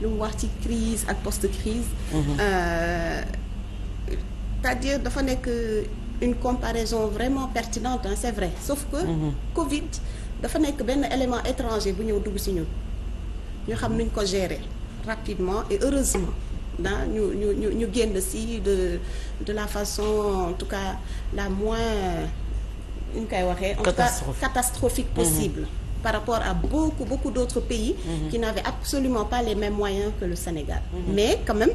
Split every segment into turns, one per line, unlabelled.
lu mu wax ci crise ak post crise mhm. euh, cest à dafa nekk une comparaison vraiment pertinente hein, c'est vrai sauf que mhm. Covid dafa nekk benn élément étranger bu ñëw dugg ci ñun ñu xam nuñ ko gérer rapidement et heureusement ah ñu ñu ñu ñu génn si de de la façon en tout cas la moins ñu koy waxee. en tout cas catastrophique possible. Mhm. par rapport à beaucoup beaucoup d'autres pays qui n'avaient absolument pas les mêmes moyens que le Sénégal mhm. mais quand même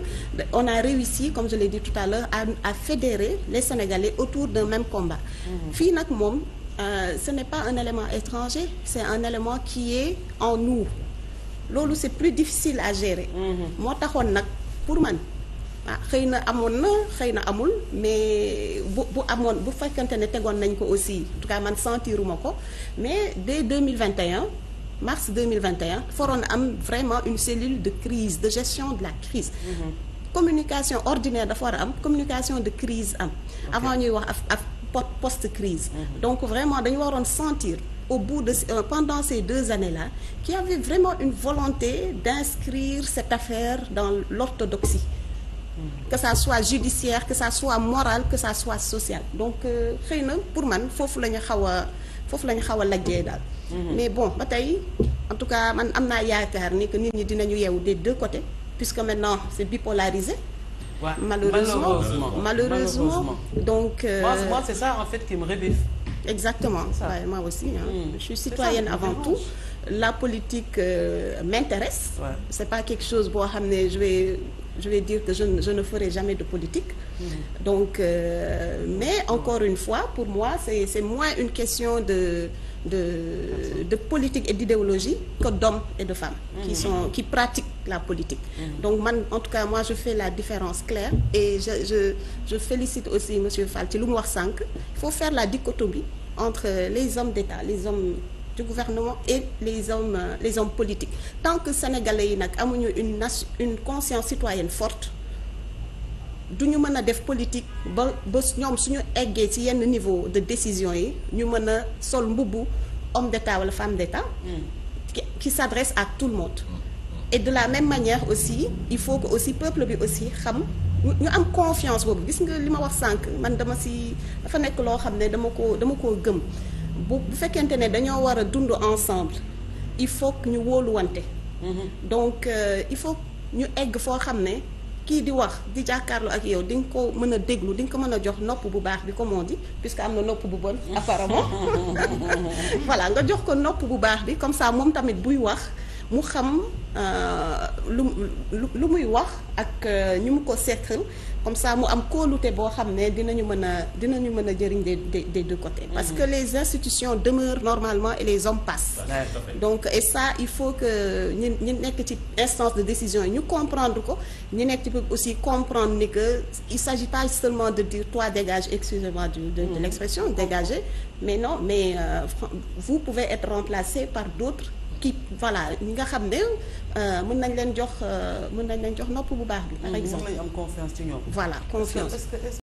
on a réussi comme je l'ai dit tout à l'heure à, à fédérer les Sénégalais autour d'un même combat mhm. fii nag moom Euh, ce n'est pas un élément étranger, c'est un élément qui est en nous. Loolu c'est plus difficile à gérer. Mhm. Moo taxoon nag pour man ah xëy na amoon na xëy na amul mais bu bu amoon bu fekkante ne tegoon nañ ko aussi en tout cas man sentiruma ko mais dès 2021 mars 2021 foroon na am vraiment une cellule de crise de gestion de la crise mm -hmm. communication ordinaire dafa war a am communication de crise am avant ñuy wax af af post crise mm mm-hmm. donc vraiment dañu waroon sentir au de euh, pendant ces deux années-là qu'il y avait vraiment une volonté d'inscrire cette affaire dans l'orthodoxie que ça soit judiciaire que ça soit moral que ça soit social donc euh, xëy na pour man foofu la ñu xaw a foofu la ñu xaw a lajjee daal. Mhm. mais bon ba tey en tout cas man am naa yaakaar ni que nit ñi dinañu yeewu des deux côtés puisque maintenant c'est bipolarisé. Ouais, malheureusement malheureusement, malheureusement malheureusement donc. Euh, moi, moi c'est ça en fait qui me rebiffe. exactement waaye ouais, moi aussi hein. Mm. citoyenne avant tout. la politique euh, m'intéresse. Ouais. c'est pas quelque chose boo xam ne je je vais dire que je ne, je ne ferai jamais de politique. Mm. Donc, euh, mais encore une fois, pour moi, c'est moins une question de, de, de politique et d'idéologie que d'hommes et de femmes mmh. qui, mm. sont, pratiquent la politique. Mmh. Donc, man, en tout cas, je fais la différence claire et je, je, je félicite aussi M. Falti Mouarsank. Il faut faire la dichotomie entre les hommes d'État, les hommes du gouvernement et les hommes euh, les hommes politiques tant que sénégalais yi nag amuñu une nation une conscience citoyenne forte du ñu mën a def politique ba ba ñoom suñu eggee ci yenn niveau de décision yi ñu mën a sol mbubbu homme d'état wala femme d'état qui, qui s'adresse ak tout le monde et de la même manière aussi il faut que aussi peuple bi aussi xam ñu am confiance boobu gis nga li ma wax sànq man dama ci dafa nekk loo xam ne dama ko dama koo gëm bu bu fekkente ne dañoo war a dund ensemble il faut que ñu wóoluwante. Mhm. donc euh, il faut ñu egg foo xam ne kii di wax di jàkkaarloo ak yow di nga ko mën a déglu di nga ko mën a jox nopp bu baax bi comme on dit puisque am na nopp bu bon apparemment voilà nga jox ko nopp bu baax bi comme ça moom tamit buy wax. mu xam euh, lu lu muy wax ak euh, ñu mu ko seqal comme ça mu am kóolute boo xam ne dinañu mën a dinañu mën a jëriñ des des deux côtés parce mm-hmm. que les institutions demeurent normalement et les hommes passent donc et ça il faut que ñi ñi nekk ci instance de décision ñu comprendre ko ñu nekk ci peuple aussi comprendre ni que il s'agit pas seulement de dire toi dégage excusez-moi de de mm-hmm. l'expression dégagé mais non mais euh, vous pouvez être remplacé par d'autres qui voilà ñi nga xam ne euh, mun nañ leen jox euh, mën nañ leen jox nopp bu baax bi par exemple am confiance ci ñoom voilà confiance